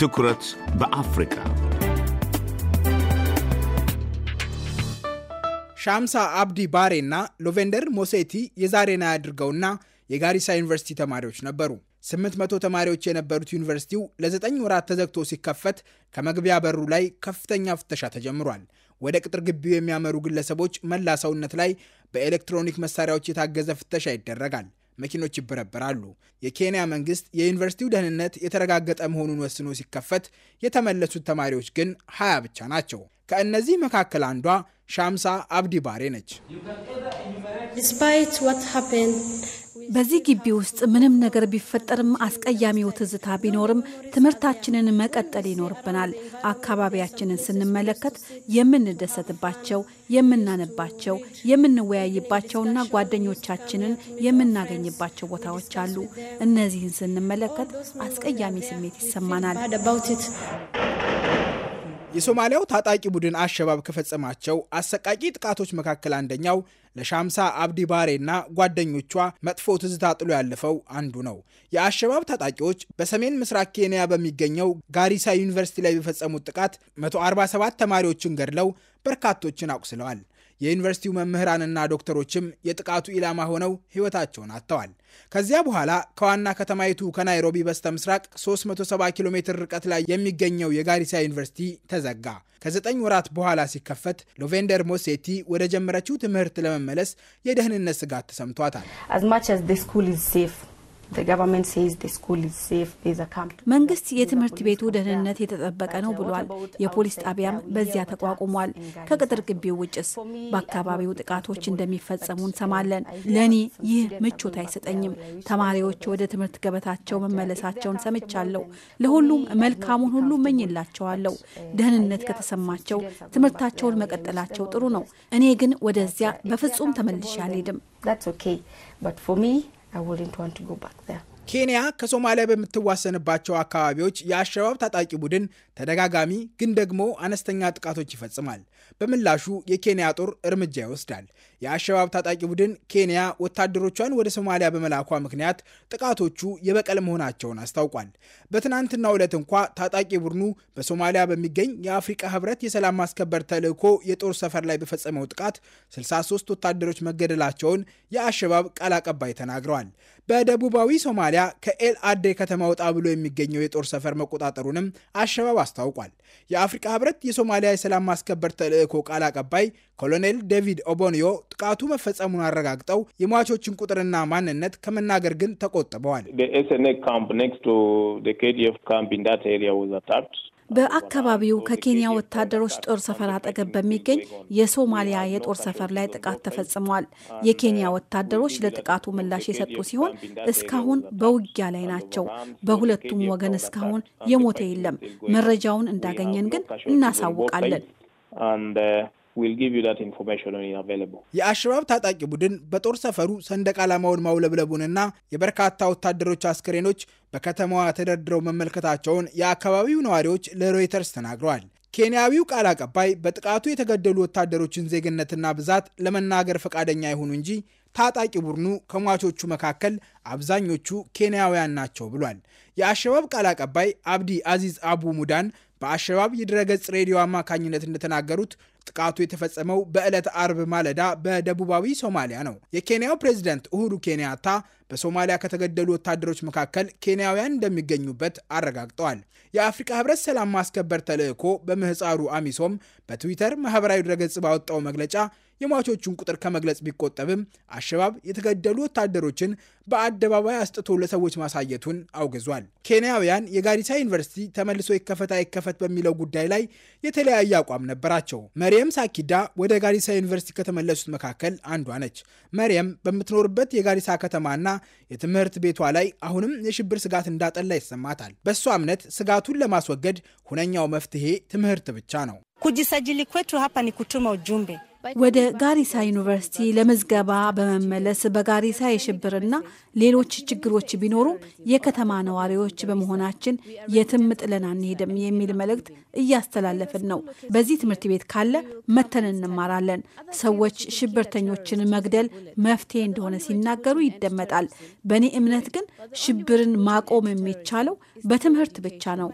ትኩረት በአፍሪካ ሻምሳ አብዲ ባሬና ሎቬንደር ሞሴቲ የዛሬና ያድርገውና የጋሪሳ ዩኒቨርሲቲ ተማሪዎች ነበሩ። 800 ተማሪዎች የነበሩት ዩኒቨርሲቲው ለዘጠኝ ወራት ተዘግቶ ሲከፈት ከመግቢያ በሩ ላይ ከፍተኛ ፍተሻ ተጀምሯል። ወደ ቅጥር ግቢው የሚያመሩ ግለሰቦች መላ ሰውነት ላይ በኤሌክትሮኒክ መሳሪያዎች የታገዘ ፍተሻ ይደረጋል። መኪኖች ይበረበራሉ። የኬንያ መንግስት የዩኒቨርሲቲው ደህንነት የተረጋገጠ መሆኑን ወስኖ ሲከፈት የተመለሱት ተማሪዎች ግን ሀያ ብቻ ናቸው። ከእነዚህ መካከል አንዷ ሻምሳ አብዲ ባሬ ነች። በዚህ ግቢ ውስጥ ምንም ነገር ቢፈጠርም አስቀያሚው ትዝታ ቢኖርም ትምህርታችንን መቀጠል ይኖርብናል። አካባቢያችንን ስንመለከት የምንደሰትባቸው፣ የምናነባቸው፣ የምንወያይባቸውና ጓደኞቻችንን የምናገኝባቸው ቦታዎች አሉ። እነዚህን ስንመለከት አስቀያሚ ስሜት ይሰማናል። የሶማሊያው ታጣቂ ቡድን አሸባብ ከፈጸማቸው አሰቃቂ ጥቃቶች መካከል አንደኛው ለሻምሳ አብዲ ባሬና ጓደኞቿ መጥፎ ትዝታ ጥሎ ያለፈው አንዱ ነው። የአሸባብ ታጣቂዎች በሰሜን ምስራቅ ኬንያ በሚገኘው ጋሪሳ ዩኒቨርሲቲ ላይ በፈጸሙት ጥቃት 147 ተማሪዎችን ገድለው በርካቶችን አቁስለዋል። የዩኒቨርሲቲው መምህራንና ዶክተሮችም የጥቃቱ ኢላማ ሆነው ሕይወታቸውን አጥተዋል። ከዚያ በኋላ ከዋና ከተማይቱ ከናይሮቢ በስተ ምስራቅ 370 ኪሎ ሜትር ርቀት ላይ የሚገኘው የጋሪሳ ዩኒቨርሲቲ ተዘጋ። ከዘጠኝ ወራት በኋላ ሲከፈት ሎቬንደር ሞሴቲ ወደ ጀመረችው ትምህርት ለመመለስ የደህንነት ስጋት ተሰምቷታል። መንግስት የትምህርት ቤቱ ደህንነት የተጠበቀ ነው ብሏል። የፖሊስ ጣቢያም በዚያ ተቋቁሟል። ከቅጥር ግቢው ውጭስ በአካባቢው ጥቃቶች እንደሚፈጸሙ እንሰማለን። ለእኔ ይህ ምቾት አይሰጠኝም። ተማሪዎች ወደ ትምህርት ገበታቸው መመለሳቸውን ሰምቻለሁ። ለሁሉም መልካሙን ሁሉ እመኝላቸዋለሁ። ደህንነት ከተሰማቸው ትምህርታቸውን መቀጠላቸው ጥሩ ነው። እኔ ግን ወደዚያ በፍጹም ተመልሼ አልሄድም። ኬንያ ከሶማሊያ በምትዋሰንባቸው አካባቢዎች የአሸባብ ታጣቂ ቡድን ተደጋጋሚ ግን ደግሞ አነስተኛ ጥቃቶች ይፈጽማል። በምላሹ የኬንያ ጦር እርምጃ ይወስዳል። የአሸባብ ታጣቂ ቡድን ኬንያ ወታደሮቿን ወደ ሶማሊያ በመላኳ ምክንያት ጥቃቶቹ የበቀል መሆናቸውን አስታውቋል። በትናንትናው ዕለት እንኳ ታጣቂ ቡድኑ በሶማሊያ በሚገኝ የአፍሪቃ ህብረት የሰላም ማስከበር ተልዕኮ የጦር ሰፈር ላይ በፈጸመው ጥቃት 63 ወታደሮች መገደላቸውን የአሸባብ ቃል አቀባይ ተናግረዋል። በደቡባዊ ሶማሊያ ከኤል አዴ ከተማ ወጣ ብሎ የሚገኘው የጦር ሰፈር መቆጣጠሩንም አሸባብ አስታውቋል። የአፍሪካ ህብረት የሶማሊያ የሰላም ማስከበር ተልዕኮ ቃል አቀባይ ኮሎኔል ዴቪድ ኦቦንዮ ጥቃቱ መፈጸሙን አረጋግጠው የሟቾችን ቁጥርና ማንነት ከመናገር ግን ተቆጥበዋል። በአካባቢው ከኬንያ ወታደሮች ጦር ሰፈር አጠገብ በሚገኝ የሶማሊያ የጦር ሰፈር ላይ ጥቃት ተፈጽሟል። የኬንያ ወታደሮች ለጥቃቱ ምላሽ የሰጡ ሲሆን እስካሁን በውጊያ ላይ ናቸው። በሁለቱም ወገን እስካሁን የሞተ የለም። መረጃውን እንዳገኘን ግን እናሳውቃለን። uh, የአሸባብ ታጣቂ ቡድን በጦር ሰፈሩ ሰንደቅ ዓላማውን ማውለብለቡንና የበርካታ ወታደሮች አስክሬኖች በከተማዋ ተደርድረው መመልከታቸውን የአካባቢው ነዋሪዎች ለሮይተርስ ተናግረዋል። ኬንያዊው ቃል አቀባይ በጥቃቱ የተገደሉ ወታደሮችን ዜግነትና ብዛት ለመናገር ፈቃደኛ አይሆኑ እንጂ ታጣቂ ቡድኑ ከሟቾቹ መካከል አብዛኞቹ ኬንያውያን ናቸው ብሏል። የአሸባብ ቃል አቀባይ አብዲ አዚዝ አቡ ሙዳን በአሸባብ የድረገጽ ሬዲዮ አማካኝነት እንደተናገሩት ጥቃቱ የተፈጸመው በዕለት አርብ ማለዳ በደቡባዊ ሶማሊያ ነው። የኬንያው ፕሬዚደንት ኡሁሩ ኬንያታ በሶማሊያ ከተገደሉ ወታደሮች መካከል ኬንያውያን እንደሚገኙበት አረጋግጠዋል። የአፍሪካ ህብረት ሰላም ማስከበር ተልዕኮ በምህፃሩ አሚሶም በትዊተር ማህበራዊ ድረገጽ ባወጣው መግለጫ የሟቾቹን ቁጥር ከመግለጽ ቢቆጠብም አሸባብ የተገደሉ ወታደሮችን በአደባባይ አስጥቶ ለሰዎች ማሳየቱን አውግዟል። ኬንያውያን የጋሪሳ ዩኒቨርሲቲ ተመልሶ ይከፈት አይከፈት በሚለው ጉዳይ ላይ የተለያየ አቋም ነበራቸው። መሪየም ሳኪዳ ወደ ጋሪሳ ዩኒቨርሲቲ ከተመለሱት መካከል አንዷ ነች። መሪየም በምትኖርበት የጋሪሳ ከተማና የትምህርት ቤቷ ላይ አሁንም የሽብር ስጋት እንዳጠላ ይሰማታል። በእሷ እምነት ስጋቱን ለማስወገድ ሁነኛው መፍትሄ ትምህርት ብቻ ነው። ወደ ጋሪሳ ዩኒቨርሲቲ ለምዝገባ በመመለስ በጋሪሳ የሽብርና ሌሎች ችግሮች ቢኖሩም የከተማ ነዋሪዎች በመሆናችን የትም ጥለን አንሄድም የሚል መልእክት እያስተላለፍን ነው። በዚህ ትምህርት ቤት ካለ መተን እንማራለን። ሰዎች ሽብርተኞችን መግደል መፍትሄ እንደሆነ ሲናገሩ ይደመጣል። በእኔ እምነት ግን ሽብርን ማቆም የሚቻለው በትምህርት ብቻ ነው።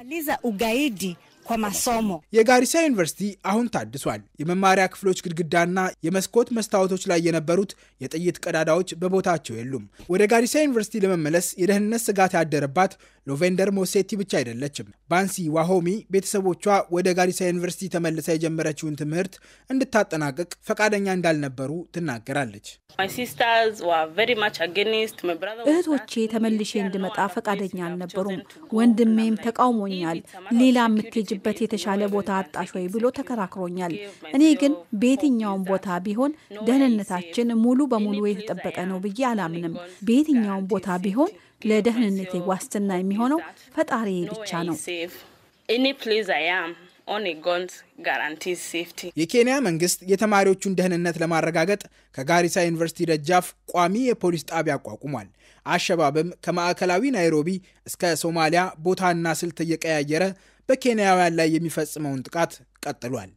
kwa masomo የጋሪሳ ዩኒቨርሲቲ አሁን ታድሷል። የመማሪያ ክፍሎች ግድግዳና የመስኮት መስታወቶች ላይ የነበሩት የጥይት ቀዳዳዎች በቦታቸው የሉም። ወደ ጋሪሳ ዩኒቨርሲቲ ለመመለስ የደህንነት ስጋት ያደረባት ሎቬንደር ሞሴቲ ብቻ አይደለችም። ባንሲ ዋሆሚ ቤተሰቦቿ ወደ ጋሪሳ ዩኒቨርሲቲ ተመልሳ የጀመረችውን ትምህርት እንድታጠናቅቅ ፈቃደኛ እንዳልነበሩ ትናገራለች። እህቶቼ ተመልሼ እንድመጣ ፈቃደኛ አልነበሩም። ወንድሜም ተቃውሞኛል። ሌላ የምትሄጅ ከምትሄጅበት የተሻለ ቦታ አጣሽ ወይ ብሎ ተከራክሮኛል። እኔ ግን በየትኛውም ቦታ ቢሆን ደህንነታችን ሙሉ በሙሉ የተጠበቀ ነው ብዬ አላምንም። በየትኛውም ቦታ ቢሆን ለደህንነቴ ዋስትና የሚሆነው ፈጣሪ ብቻ ነው። የኬንያ መንግስት የተማሪዎቹን ደህንነት ለማረጋገጥ ከጋሪሳ ዩኒቨርሲቲ ደጃፍ ቋሚ የፖሊስ ጣቢያ አቋቁሟል። አሸባብም ከማዕከላዊ ናይሮቢ እስከ ሶማሊያ ቦታና ስልት እየቀያየረ በኬንያውያን ላይ የሚፈጽመውን ጥቃት ቀጥሏል።